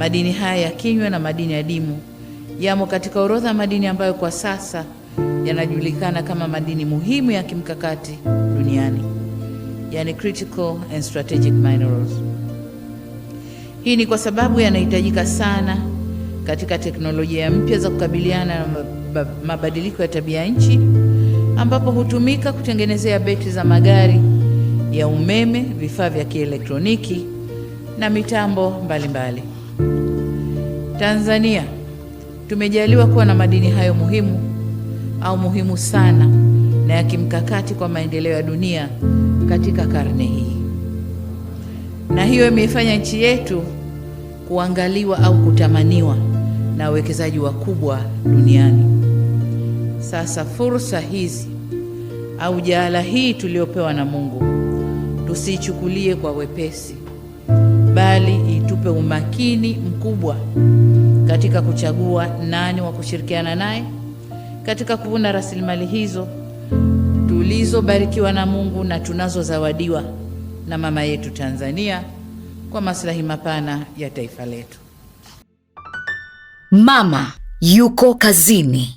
Madini haya ya kinywa na madini ya dimu yamo katika orodha ya madini ambayo kwa sasa yanajulikana kama madini muhimu ya kimkakati duniani, yani critical and strategic minerals. Hii ni kwa sababu yanahitajika sana katika teknolojia mpya za kukabiliana na mabadiliko ya tabia nchi, ambapo hutumika kutengenezea betri za magari ya umeme, vifaa vya kielektroniki na mitambo mbalimbali mbali. Tanzania tumejaliwa kuwa na madini hayo muhimu au muhimu sana na ya kimkakati kwa maendeleo ya dunia katika karne hii, na hiyo imeifanya nchi yetu kuangaliwa au kutamaniwa na wawekezaji wakubwa duniani. Sasa fursa hizi au jaala hii tuliyopewa na Mungu tusiichukulie kwa wepesi, bali tupe umakini mkubwa katika kuchagua nani wa kushirikiana naye katika kuvuna rasilimali hizo tulizobarikiwa na Mungu na tunazozawadiwa na mama yetu Tanzania kwa maslahi mapana ya taifa letu. Mama Yuko Kazini.